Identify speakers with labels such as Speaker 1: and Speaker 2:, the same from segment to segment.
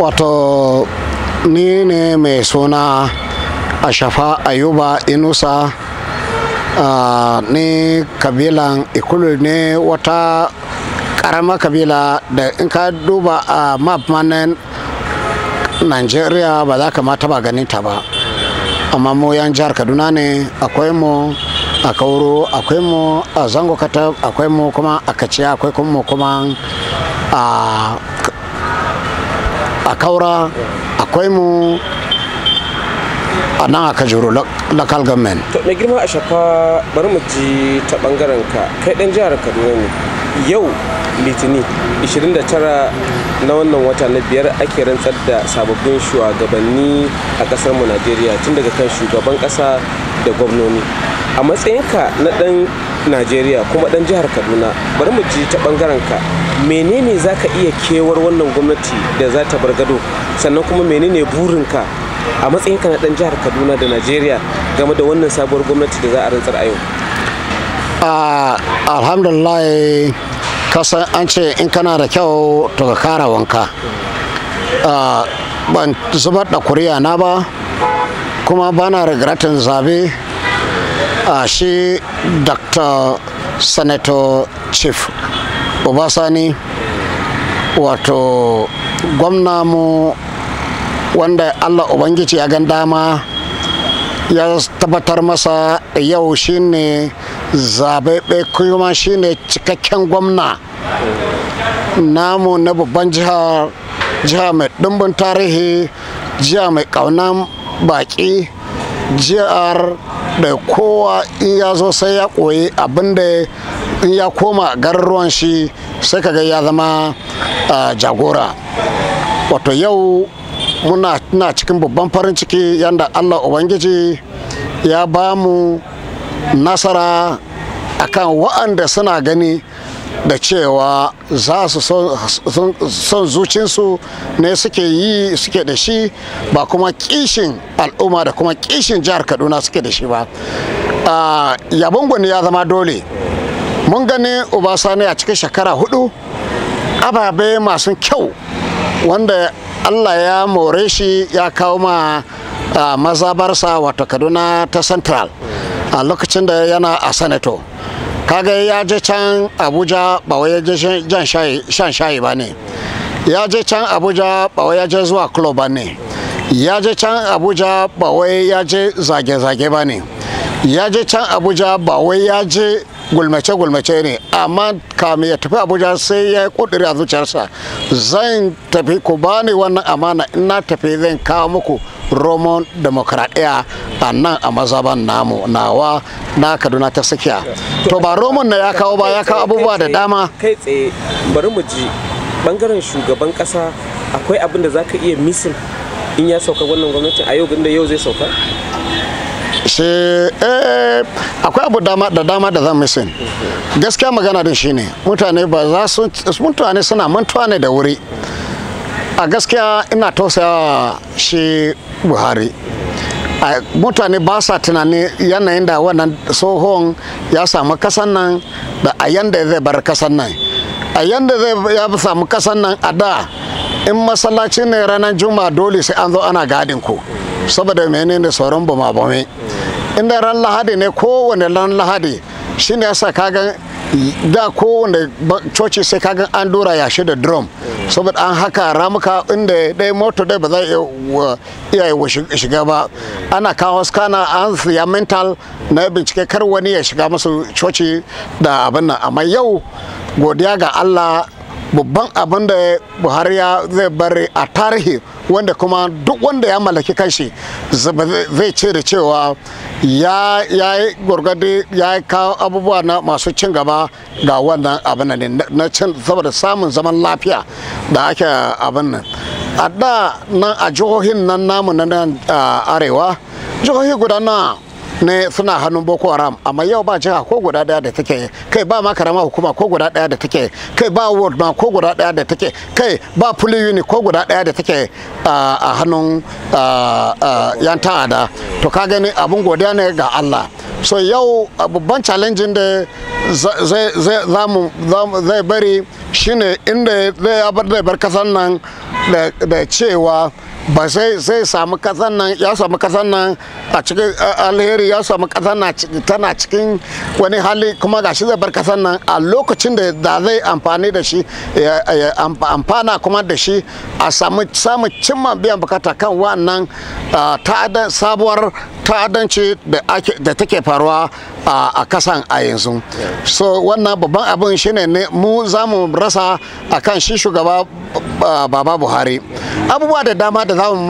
Speaker 1: wato ni ne mai suna a shafa ayuba inusa uh, ni kabilan ikulu ne wata karama kabila da in ka duba a map manen nigeria ba za ka ma taba ganin ta ba amma mu yan jihar kaduna ne akwai mu a kauro akwai mu a zango katab akwai mu kuma a kaciya akwai kuma a a kaura akwai mu a nan aka juro local government
Speaker 2: to mai girma a shafa bari mu ji ta bangaren ka kai dan jihar kaduna ne yau litini 29 na wannan wata na biyar ake rantsar da sababbin shugabanni a kasar mu najeriya tun daga kan shugaban kasa da gwamnoni a matsayinka na dan najeriya kuma dan jihar kaduna bari mu ji ta bangaren ka menene za ka iya kewar wannan gwamnati da za ta bar gado sannan kuma menene ka a matsayin ka na dan jihar kaduna da najeriya game da wannan sabuwar gwamnati da za a rantsar a yau
Speaker 1: alhamdulillah kasan an ce in kana da kyau to ka kara wanka ban zubar da kuriya na ba kuma bana regretin zabe a ah, shi dr senator chief obasani wato gwamna mu wanda allah ubangiji ya gan dama ya tabbatar masa yau shine zaɓaɓɓe kuma shine cikakken gwamna namu na babban jiha jiha mai ɗumbin tarihi jiha mai ƙaunan baƙi jihar da kowa in ya zo sai ya koyi abinda da in ya koma garin ruwan shi sai kaga ya zama jagora wato yau muna na cikin babban farin ciki yadda allah ubangiji ya ba mu nasara akan wa'anda suna gani da cewa za su son zucinsu ne suke yi suke da shi ba kuma kishin al'umma da kuma kishin jihar kaduna suke da shi ba yabon gwani ya zama dole mun gani Sani a cikin shekara hudu ababe masu kyau wanda allah ya more shi ya kawo ma mazabarsa wato kaduna ta central a lokacin da yana a sanato kaga ya je can abuja ba wai ya je shan shayi ba ne ya je can abuja ba wai ya je zuwa club ba ne ya je can abuja ba wai ya je zage-zage ba ne ya je can abuja ba wai ya je gulmace-gulmace ne amma kamin ya tafi abuja sai ya kudiri a zuciyarsa zan tafi ku bani wannan amana in na tafi zan kawo muku roman demokradiyya a nan a mazaban namu nawa na kaduna ta sakiya to ba roman na ya kawo ba ya kawo abubuwa da dama
Speaker 2: kai tsaye bari mu ji bangaren shugaban kasa akwai abin da zaka iya misin in ya sauka wannan gwamnati a yau da yau zai sauka
Speaker 1: shi eh akwai abu dama da dama da zan misin gaskiya magana din shine mutane ba za su mutane suna mantuwa ne da wuri a gaskiya ina tausaya shi buhari mutane ba sa tunani yanayin da wannan tsohon ya samu kasan nan da a yanda zai bar kasan nan a yanda zai ya samu kasan nan a da in masallaci ne ranar juma'a dole sai an zo ana gadin ku saboda menene sauran bama bame inda ran lahadi ne kowane ran lahadi shine yasa ga. da kowane coci sai kagan an dora yashe da drum saboda an haka ramuka inda ɗaya moto ɗaya ba za iya shiga ba ana kawo skana an siya mental na bincike kar wani ya shiga masu coci da abin nan amma yau godiya ga allah babban abin da buhari ya zai bari a tarihi wanda kuma duk wanda ya mallaki kanshi zai ce da cewa ya yi gwargwade ya kawo abubuwa na masu cin gaba ga wannan abin ne na cin saboda samun zaman lafiya da ake abin nan a da nan a jihohin nan namu na nan arewa jihohi guda na ne suna hannun boko haram amma yau ba jiha ko guda daya da take kai ba ma hukuma ko guda daya da take kai ba ward ma ko guda daya da take kai ba puli uni ko guda daya da take a hannun yan ta'ada to ka gani abun godiya ne ga Allah so yau babban challenge da zai bari shine inda zai bar kasan nan da cewa ba sai sai samu kasan nan ya samu kasan nan a cikin alheri ya samu kasan nan tana cikin wani hali kuma ga shi zai bar kasan nan a lokacin da da zai amfani da shi amfana kuma da shi a samu samu cimma biyan bukata kan wannan ah, ta sabuwar ta'addanci da take faruwa a kasan a yanzu so wannan babban abin shine ne mu za mu rasa a kan shi shugaba baba buhari abubuwa da dama da za mu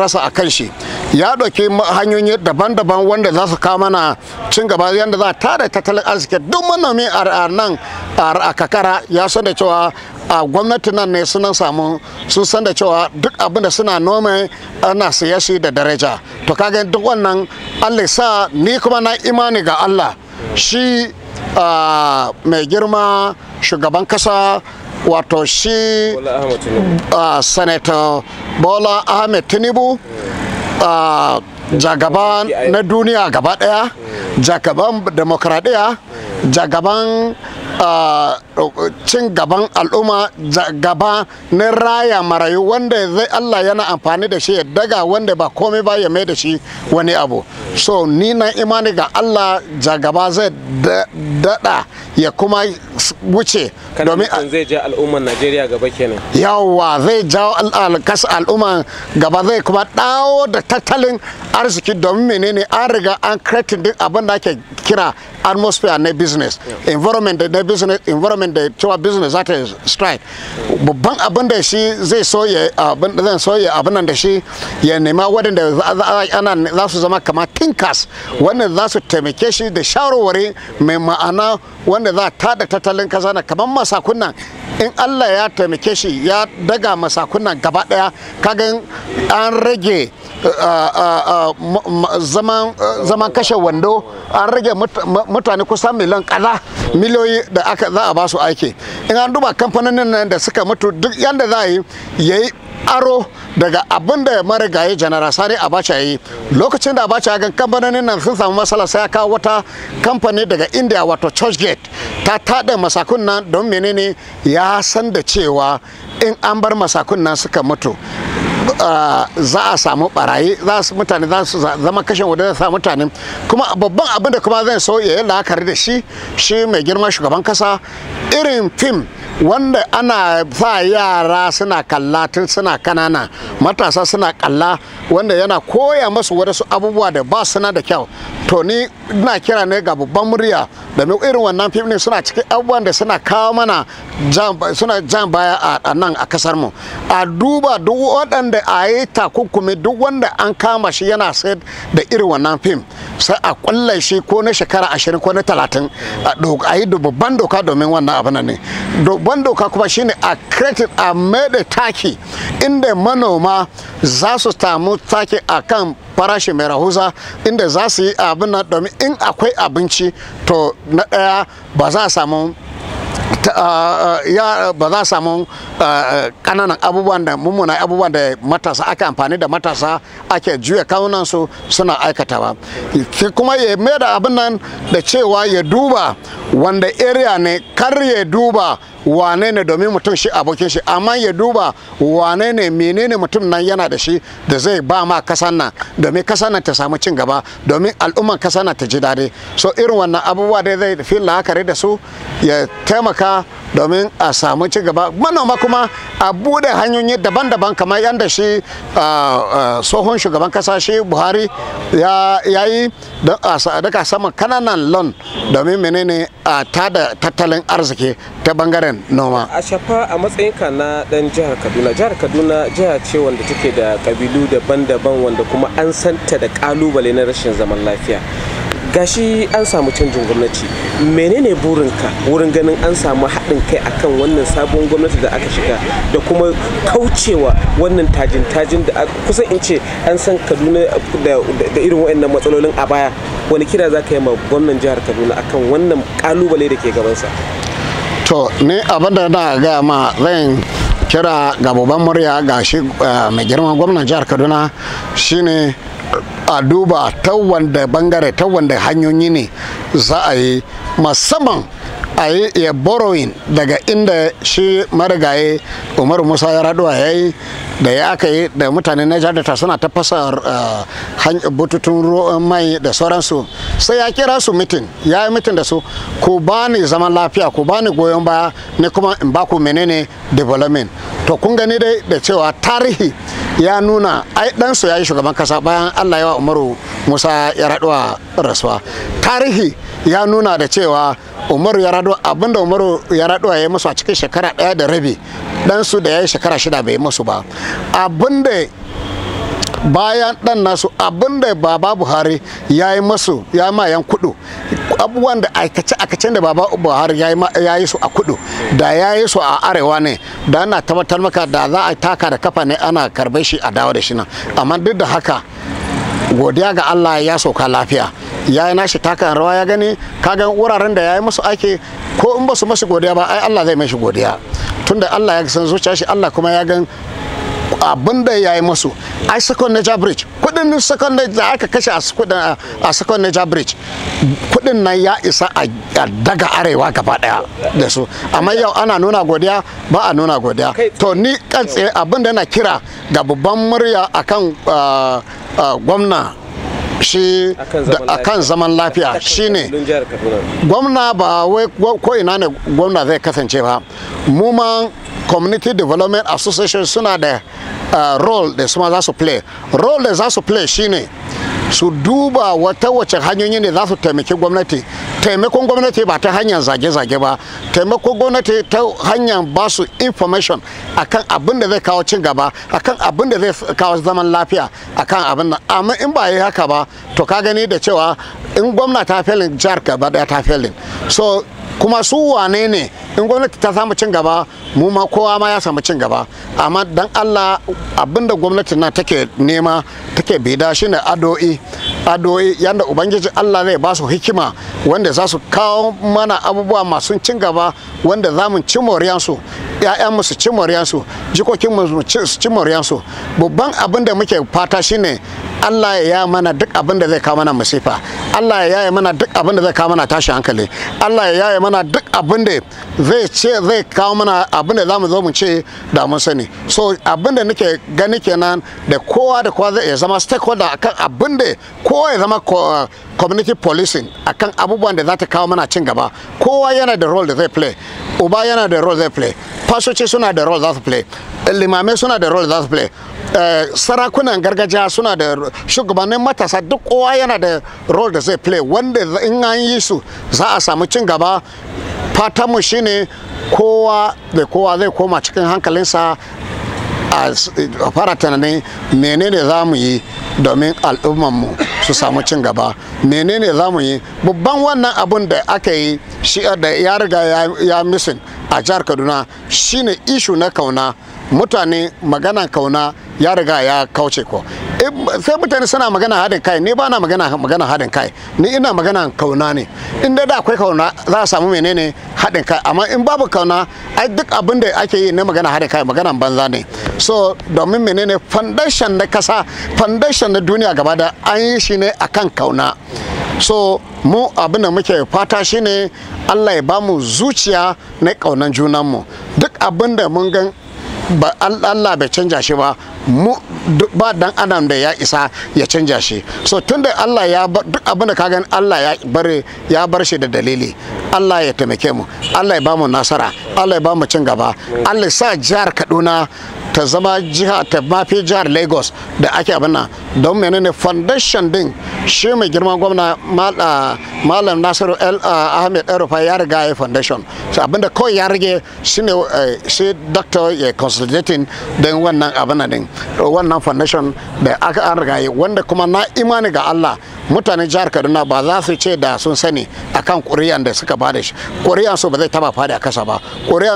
Speaker 1: rasa a kan shi ya ɗauki hanyoyi daban-daban wanda za su kawo mana cin gaba yadda za a tada tattalin arziki duk manomi a nan a kakara ya san da cewa a gwamnati nan ne sunan samu sun san da cewa duk abin da suna nome ana siya shi da daraja to kaga duk wannan allah sa ni kuma na imani ga allah shi mai girma shugaban kasa wato shi senator bola ahmed tinubu jagaban na duniya gaba daya jagaban demokradiyya jagaban Uh, cin gaban al'umma gaba na raya marayu wanda zai Allah yana amfani da shi ya daga wanda ba komai ba ya mai da shi wani abu so ni na imani ga Allah jagaba zai dada ya kuma wuce domin zai
Speaker 2: ja al'umman Najeriya gaba kenan
Speaker 1: yawa zai ja al'umman gaba zai kuma dawo da tattalin arziki domin menene an riga an kretin din abin da ake kira atmosphere na business environment na business environment government da cewa business za ta strike babban abin da shi zai so ya abin da zan so ya abin nan da shi ya nema waɗanda ana za su zama kama tinkers wannan za su taimake shi da shawarwari mai ma'ana wanda za ta da tattalin kasa na kamar masakunan in Allah ya taimake shi ya daga masakunan gaba daya kagan an rage uh, uh, uh, zaman kashe wando an rage mutane kusan miliyan kaza miliyoyi da aka za a ba su aiki in an duba kamfanonin nan da suka mutu duk yanda za a yi yayi aro daga abin da marigayi janara sani abacha yi lokacin da abacha ga kamfanonin nan sun samu matsala sai ya kawo wata kamfani daga india wato churchgate ta tada masakun nan don menene ya san da cewa in an bar masakun nan suka mutu za a samu barayi za su mutane za su zama kashin wadda za mutane kuma babban abin da kuma zai so ya yi la'akari da shi shi mai girma shugaban kasa irin fim wanda ana sa yara suna kalla tun suna kanana matasa suna kalla wanda yana koya masu wadansu abubuwa da ba suna da kyau to ni ina kira ne ga babban murya domin irin wannan fim ne suna cikin abubuwan da suna kawo mana suna jan baya a nan a kasar mu a duba duk waɗanda a yi takunkumi duk wanda an kama shi yana sayar da irin wannan fim sai a kulle shi ko na shekara ashirin ko na talatin a yi babban doka domin wannan abu ne babban doka kuma shine a kretin a mede taki inda manoma za su samu taki a kan farashi mai rahusa inda za su yi abin nan domin in akwai abinci to na ɗaya ba za a samu Ah, ah, ba za samu kananan ah, abubuwan da mummuna abubuwan da matasa aka amfani da matasa ake juya kawunan su suna aikata ba kuma ya mai da abin nan da cewa ya duba wanda area ne kar ya duba wane ne domin mutum shi abokin shi amma ya duba wane ne menene mutum nan yana da shi da zai ba ma kasan nan domin kasan nan ta samu cin gaba domin al'umman kasan nan ta ji daɗi so irin wannan abubuwa dai zai fi la'akari da su ya taimaka domin a samu ci gaba manoma kuma a bude hanyoyi daban-daban kamar yadda shi ah, ah, tsohon shugaban kasashe buhari ya yi daga saman kananan lon domin menene a tada tattalin arziki ta bangaren noma
Speaker 2: a shafa a matsayin ka na dan jihar kaduna jihar kaduna jiha ce wanda take da kabilu daban-daban wanda kuma an santa da kalubale na rashin zaman lafiya gashi an samu canjin gwamnati menene burinka wurin ganin an samu haɗin kai akan wannan sabon gwamnati da aka shiga da kuma kaucewa wannan tajin-tajin da kusan in ce an san kaduna da irin waɗannan matsalolin a baya wani kira za ka yi ma gwamnan jihar kaduna akan wannan kalubale da ke gabansa
Speaker 1: to ne abin da na gaya ma zan kira ga babban murya ga eh, mai girman gwamnan jihar kaduna shine a duba ta wanda bangare ta wanda hanyoyi ne za a yi musamman a yi ya borrowing daga inda shi marigaye umaru musa ya raduwa ya yi da ya aka yi da mutane na jadata suna ta fasa eh, bututun ruwan mai da sauransu sai ya kira su mitin ya yi mitin da su ku ba ni zaman lafiya ku ba ni goyon baya ne kuma in ba ku menene development to kun gani dai da cewa tarihi ya nuna ai ɗansu ya yi shugaban kasa bayan allah yawa umaru musa ya raduwa rasuwa tarihi ya nuna da cewa umaru ya rado abinda umaru ya rado ya yi masu a cikin shekara ɗaya da rabi ɗansu da ya yi shekara shida bai yi ba abinda bayan ɗan nasu abinda baba buhari ya yi masu ya ma yan kudu abubuwan da aikace-aikacen da baba buhari ya yi su a kudu da ya yi su a arewa ne da ana tabbatar maka da za a taka da kafa ne ana karbe shi a dawo da shi nan amma duk da haka godiya ga Allah ya sauka lafiya ya yi nashi takan rawa ya gani kagan wuraren da ya yi musu aiki ko in ba su masu godiya ba ai Allah zai shi godiya tunda Allah ya san zuciya shi Allah kuma ya gan abin da ya yi masu ai second nature bridge kudin second da aka kashe a second nature bridge kudin nan ya isa a daga arewa gaba daya da su amma yau ana nuna godiya ba a nuna godiya to ni kan tsaye abin da na kira ga babban murya akan gwamna shi a kan zaman lafiya shine gwamna ba wai ko ina ne gwamna zai kasance ba mu ma community development association suna da uh, role da suma za su play role da za su play shine su duba wata wace hanyoyi ne za su taimaki gwamnati taimakon gwamnati ba ta hanyar zage-zage ba taimakon gwamnati ta hanyar ba su information akan abin da zai kawo cin gaba akan abin da zai kawo zaman lafiya akan abin nan amma in ba yi haka ba to ka gani da cewa in gwamna ta felin jihar ka ba ta felin so kuma su wane ne in gwamnati ta samu cin gaba mu ma kowa ma ya samu cin gaba amma dan Allah abinda gwamnati na take nema take bida shine ado'i ado'i yanda ubangiji Allah zai ba su hikima wanda za su kawo mana abubuwa masu cin gaba wanda za mu ci moriyansu ƴaƴanmu su ci moryansu jikokinmu su ci moriyansu babban abin da muke fata shine Allah ya ya mana duk abin da zai kawo mana musifa Allah ya yi mana duk abin da zai kawo mana tashi hankali Allah ya yi mana duk abin da zai ce zai kawo mana abin da mu zo mu ce da mun sani so abin da nake gani kenan da kowa da kowa zai zama stakeholder akan abin da kowa ya zama community policing akan abubuwan da za ta kawo mana cin gaba kowa yana da role da zai play uba yana da role zai play fasoci suna da role za su play limamai suna da role za su play eh, sarakunan gargajiya suna da shugabannin matasa duk kowa yana da role da zai play wanda in an yi su za a samu cin gaba fatanmu shine kowa da kowa zai koma cikin hankalinsa a fara tunanin menene za mu yi domin al'ummanmu su samu cin gaba menene za mu yi babban wannan abun da aka yi shi da ya riga ya misin a jihar kaduna shine ishu na kauna mutane magana kauna ya riga ya kauce ko sai mutane suna magana haɗin kai ni ba na magana magana haɗin kai ni ina magana kauna ne in da da akwai kauna za a samu menene haɗin kai amma in babu kauna ai duk abin da ake yi ne magana haɗin kai magana banza ne so domin menene foundation na kasa foundation na duniya gaba da an yi shi ne akan kauna so mu abin da muke fata shine Allah ya bamu zuciya na kaunan junanmu duk abin da mun gan Allah bai canja shi ba mu ba dan adam da ya isa ya canja shi so tunda Allah ya duk abin ka gani Allah ya bar ya bar shi da dalili Allah ya taimake mu Allah ya ba mu nasara Allah ya ba mu cin gaba Allah sa jihar Kaduna ta zama jiha ta mafi jihar Lagos da ake abin nan don menene foundation din shi mai girman gwamna ah, Malam Nasiru El ah, Ahmed Erufa ya riga ya foundation so abinda kawai ya rage shine eh, shi doctor ya consolidating don wannan abin nan din wannan foundation da aka an riga wanda kuma na imani ga Allah mutanen jihar Kaduna ba za su ce da sun sani akan kuriyan da suka ba fada shi su ba zai taba fada a kasa ba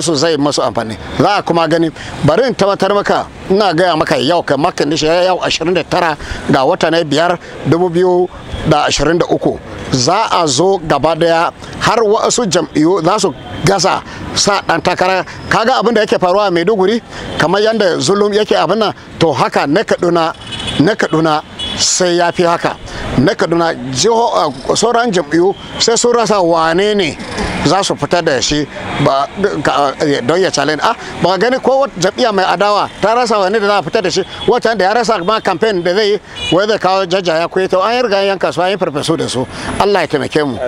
Speaker 1: su zai masu amfani za a kuma gani bari in tabbatar maka ina gaya maka yau kai makin nishi yau 29 ga wata na biyar 2023 za a zo gaba daya har wasu jam'iyyu za su gasa sa dan takara kaga abin da yake faruwa a maiduguri kamar yadda zulum yake abin nan to haka na kaduna na kaduna sai ya fi haka na kaduna sauran jam'iyyu sai sun rasa wane ne za su fita da shi don ya challenge ah ba gani ko jam'iyya mai adawa ta rasa wane da za a fita da shi wata da ya rasa ma kamfen da zai wai zai kawo jajaya ko ita an yi riga yanka su an yi farfesu da su allah ya taimake mu